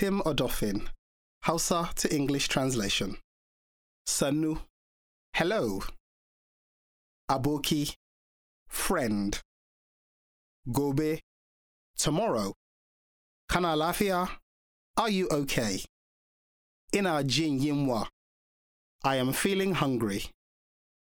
Tim Odofin, Hausa to English translation. Sanu, hello. Aboki, friend. Gobe, tomorrow. Kanalafia, are you okay? Ina jin yinwa, I am feeling hungry.